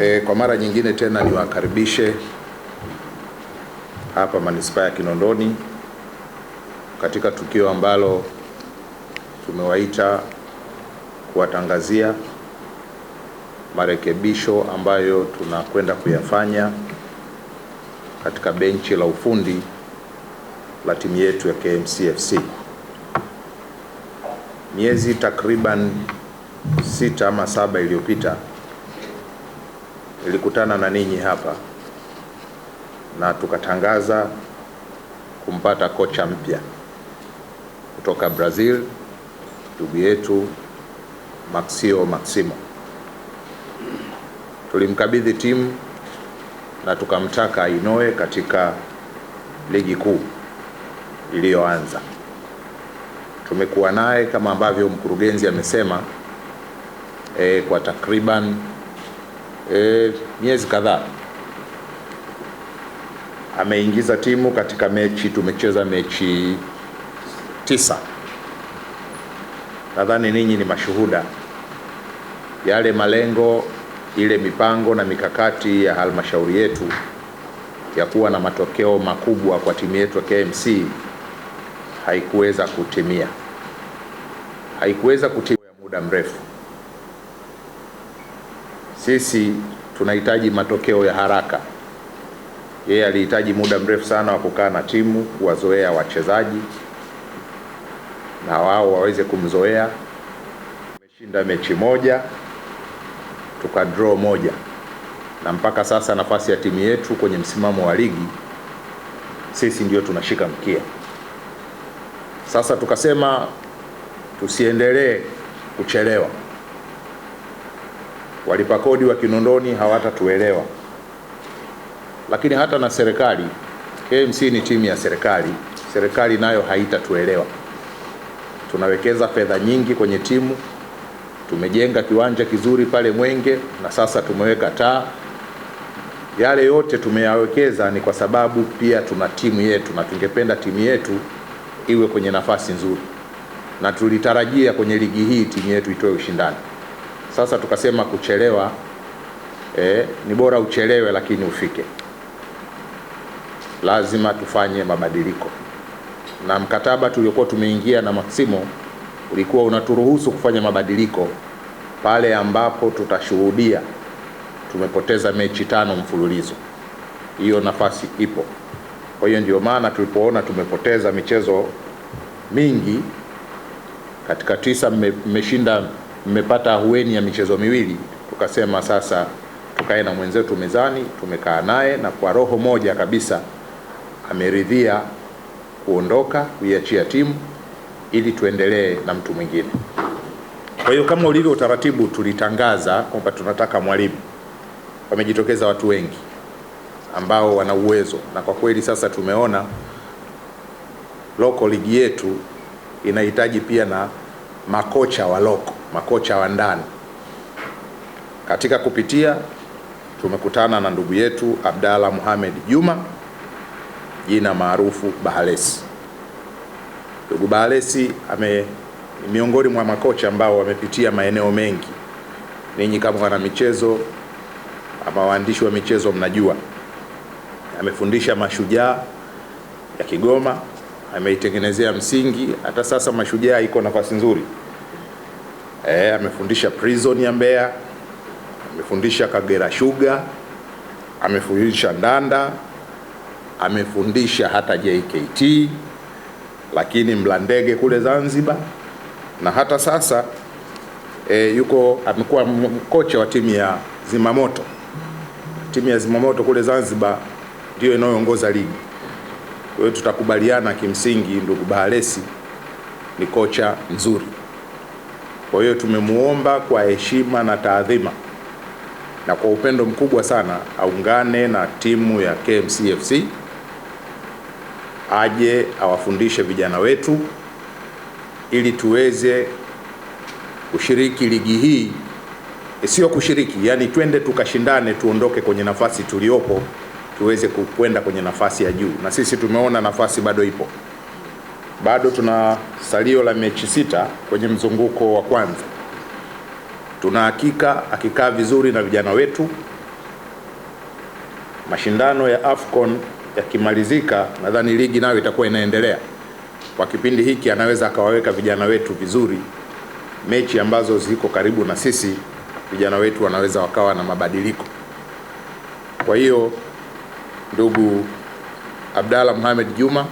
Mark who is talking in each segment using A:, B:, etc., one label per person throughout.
A: E, kwa mara nyingine tena niwakaribishe hapa manispaa ya Kinondoni katika tukio ambalo tumewaita kuwatangazia marekebisho ambayo tunakwenda kuyafanya katika benchi la ufundi la timu yetu ya KMCFC. Miezi takriban sita ama saba iliyopita ilikutana na ninyi hapa na tukatangaza kumpata kocha mpya kutoka Brazil, ndugu yetu Maxio Maximo. Tulimkabidhi timu na tukamtaka ainoe katika ligi kuu iliyoanza. Tumekuwa naye kama ambavyo mkurugenzi amesema, e, kwa takriban e, miezi kadhaa ameingiza timu katika mechi, tumecheza mechi tisa. Nadhani ninyi ni mashuhuda yale malengo, ile mipango na mikakati ya halmashauri yetu ya kuwa na matokeo makubwa kwa timu yetu ya KMC haikuweza kutimia, haikuweza kutimia muda mrefu sisi tunahitaji matokeo ya haraka. Yeye alihitaji muda mrefu sana wa kukaa na timu, kuwazoea wachezaji na wao waweze kumzoea. Tumeshinda mechi moja tuka draw moja, na mpaka sasa nafasi ya timu yetu kwenye msimamo wa ligi sisi ndio tunashika mkia. Sasa tukasema tusiendelee kuchelewa. Walipa kodi wa Kinondoni hawatatuelewa, lakini hata na serikali, KMC ni timu ya serikali, serikali nayo haitatuelewa. Tunawekeza fedha nyingi kwenye timu, tumejenga kiwanja kizuri pale Mwenge na sasa tumeweka taa. Yale yote tumeyawekeza ni kwa sababu pia tuna timu yetu na tungependa timu yetu iwe kwenye nafasi nzuri, na tulitarajia kwenye ligi hii timu yetu itoe ushindani. Sasa tukasema kuchelewa eh, ni bora uchelewe lakini ufike. Lazima tufanye mabadiliko, na mkataba tuliokuwa tumeingia na Maksimo ulikuwa unaturuhusu kufanya mabadiliko pale ambapo tutashuhudia tumepoteza mechi tano mfululizo. Hiyo nafasi ipo. Kwa hiyo ndio maana tulipoona tumepoteza michezo mingi katika tisa, mmeshinda me, mmepata ahueni ya michezo miwili, tukasema sasa tukae na mwenzetu mezani. Tumekaa naye na kwa roho moja kabisa ameridhia kuondoka kuiachia timu ili tuendelee na mtu mwingine. Kwa hiyo kama ulivyo utaratibu, tulitangaza kwamba tunataka mwalimu. Wamejitokeza watu wengi ambao wana uwezo, na kwa kweli sasa tumeona loko ligi yetu inahitaji pia na makocha wa loko makocha wa ndani. Katika kupitia tumekutana na ndugu yetu Abdalla muhamed Juma jina maarufu Bahalesi. Ndugu Bahalesi ame miongoni mwa makocha ambao wamepitia maeneo mengi. Ninyi kama wana michezo ama waandishi wa michezo mnajua, amefundisha Mashujaa ya Kigoma, ameitengenezea msingi. Hata sasa Mashujaa iko nafasi nzuri eh, amefundisha prison ya Mbeya, amefundisha Kagera Sugar, amefundisha Ndanda, amefundisha hata JKT, lakini Mlandege kule Zanzibar na hata sasa e, yuko amekuwa kocha wa timu ya Zimamoto. Timu ya Zimamoto kule Zanzibar ndiyo inayoongoza ligi. Kwa hiyo tutakubaliana kimsingi, ndugu Bahalesi ni kocha mzuri. Kwa hiyo tumemwomba kwa heshima na taadhima na kwa upendo mkubwa sana aungane na timu ya KMCFC aje awafundishe vijana wetu ili tuweze kushiriki ligi hii, e, sio kushiriki, yani twende tukashindane, tuondoke kwenye nafasi tuliopo, tuweze kwenda kwenye nafasi ya juu, na sisi tumeona nafasi bado ipo bado tuna salio la mechi sita kwenye mzunguko wa kwanza. Tuna hakika akikaa vizuri na vijana wetu, mashindano ya AFCON yakimalizika, nadhani ligi nayo itakuwa inaendelea. Kwa kipindi hiki anaweza akawaweka vijana wetu vizuri, mechi ambazo ziko karibu na sisi, vijana wetu wanaweza wakawa na mabadiliko. Kwa hiyo ndugu Abdalla Mohamed Juma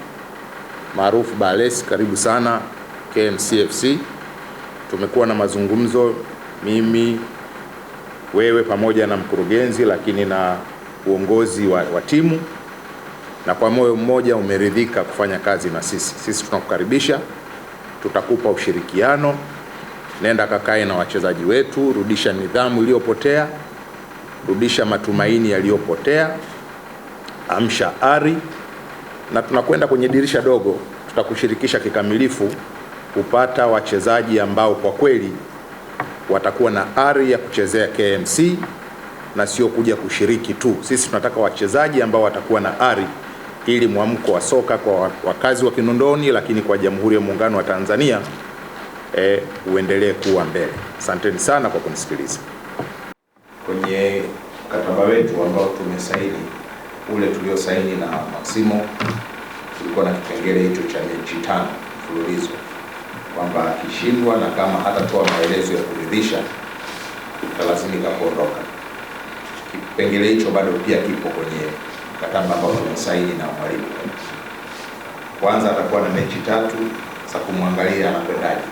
A: maarufu Bales, karibu sana KMCFC. Tumekuwa na mazungumzo mimi, wewe pamoja na mkurugenzi, lakini na uongozi wa, wa timu na kwa moyo mmoja umeridhika kufanya kazi na sisi. Sisi tunakukaribisha, tutakupa ushirikiano. Nenda kakae na wachezaji wetu, rudisha nidhamu iliyopotea, rudisha matumaini yaliyopotea, amsha ari na tunakwenda kwenye dirisha dogo, tutakushirikisha kikamilifu kupata wachezaji ambao kwa kweli watakuwa na ari ya kuchezea KMC na sio kuja kushiriki tu. Sisi tunataka wachezaji ambao watakuwa na ari, ili mwamko wa soka kwa wakazi wa Kinondoni, lakini kwa Jamhuri ya Muungano wa Tanzania e, uendelee kuwa mbele. Asanteni sana kwa kunisikiliza.
B: Kwenye mkataba wetu ambao tumesaini ule tuliosaini na Maksimo tulikuwa na kipengele hicho cha mechi tano mfululizo kwamba akishindwa na kama hatatoa maelezo ya kuridhisha utalazimika kuondoka. Kipengele hicho bado pia kipo kwenye mkataba ambao tumesaini na mwalimu. Kwanza atakuwa na mechi tatu za kumwangalia anakwendaje.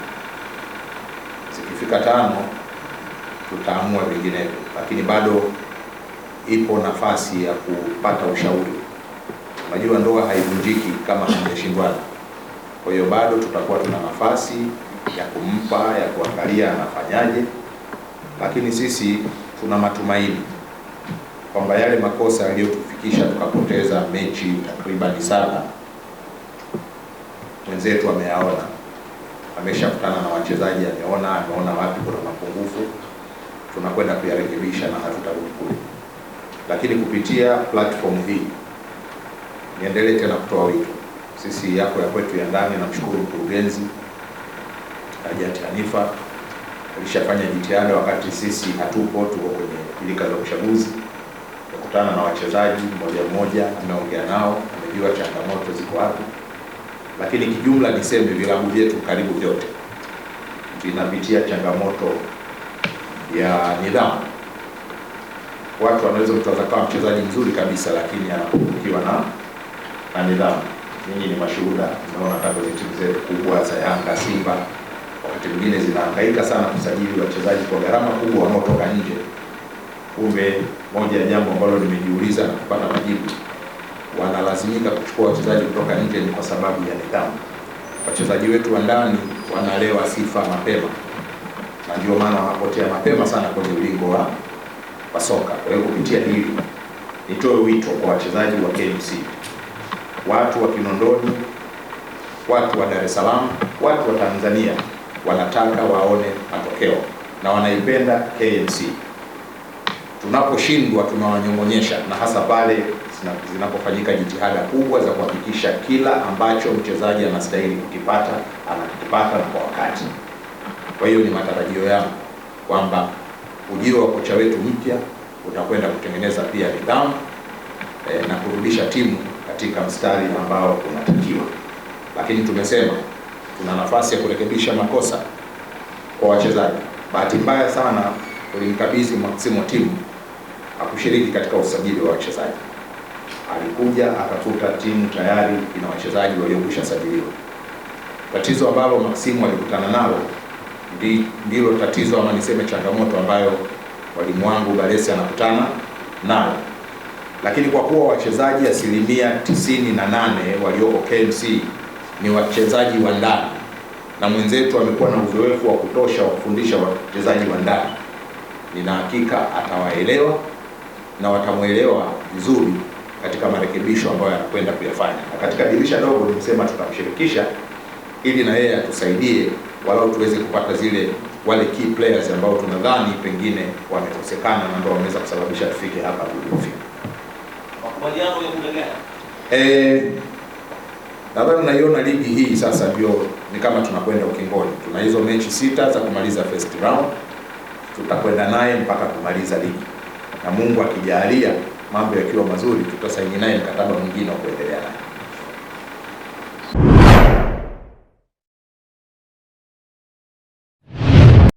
B: Zikifika tano tutaamua vinginevyo, lakini bado ipo nafasi ya kupata ushauri. Unajua, ndoa haivunjiki kama hamjashindwana. Kwa hiyo bado tutakuwa tuna nafasi ya kumpa ya kuangalia anafanyaje, lakini sisi tuna matumaini kwamba yale makosa yaliyotufikisha tukapoteza mechi takribani saba, mwenzetu ameyaona, ameshakutana na wachezaji, ameona ameona wapi kuna mapungufu, tunakwenda kuyarekebisha na hatutarudi kule lakini kupitia platform hii niendelee tena kutoa wito. Sisi yako ya kwetu ya ndani, namshukuru mkurugenzi Hajati Hanifa alishafanya jitihada wakati sisi hatupo, tuko kwenye pilika za uchaguzi, kukutana na wachezaji mmoja mmoja, ameongea nao, amejua changamoto ziko wapi, lakini kijumla niseme vilabu vyetu karibu vyote vinapitia changamoto ya nidhamu watu wanaweza kutaza kama mchezaji mzuri kabisa, lakini anapungukiwa na na nidhamu. Nyinyi ni mashuhuda, mnaona hata kwenye timu zetu kubwa za Yanga, Simba, wakati mwingine zinahangaika sana kusajili wachezaji kwa gharama kubwa wanaotoka nje. Kumbe moja ya jambo ambalo nimejiuliza na kupata majibu, wanalazimika kuchukua wachezaji kutoka nje ni kwa sababu ya nidhamu. Wachezaji wetu wa ndani wanalewa sifa mapema, na ndio maana wanapotea mapema sana kwenye ulingo wa wa soka. Kwa hiyo kupitia hili nitoe wito kwa wachezaji wa KMC, watu wa Kinondoni, watu wa Dar es Salaam, watu wa Tanzania wanataka waone matokeo na wanaipenda KMC. Tunaposhindwa tunawanyong'onyesha, na hasa pale zinapofanyika jitihada kubwa za kuhakikisha kila ambacho mchezaji anastahili kukipata anakipata na kwa wakati. Kwa hiyo ni matarajio yangu kwamba Ujio wa kocha wetu mpya utakwenda kutengeneza pia nidhamu eh, na kurudisha timu katika mstari ambao unatakiwa, lakini tumesema tuna nafasi ya kurekebisha makosa kwa wachezaji. Bahati mbaya sana ulimkabidhi msimu timu akushiriki katika usajili wa wachezaji, alikuja akakuta timu tayari ina wachezaji waliokwisha sajiliwa. Tatizo ambalo Maksimu alikutana nalo ndilo tatizo ama niseme changamoto ambayo walimu wangu Galesi anakutana nayo, lakini kwa kuwa wachezaji asilimia tisini na nane walioko KMC ni wachezaji wa ndani na mwenzetu amekuwa na uzoefu wa kutosha wa kufundisha wachezaji wa ndani, nina hakika atawaelewa na watamwelewa vizuri katika marekebisho ambayo anakwenda kuyafanya, na katika dirisha dogo nimesema tutamshirikisha ili na yeye atusaidie walau tuweze kupata zile wale key players ambao tunadhani pengine wamekosekana na ndio wameweza kusababisha tufike hapa tulipofika.
C: Makubaliano ya muda gani?
B: Eh, nadhani naiona ligi hii sasa ndio ni kama tunakwenda ukingoni. Tuna hizo mechi sita za kumaliza first round, tutakwenda naye mpaka kumaliza ligi, na Mungu akijalia mambo yakiwa mazuri, tutasaini naye mkataba mwingine wa kuendelea naye.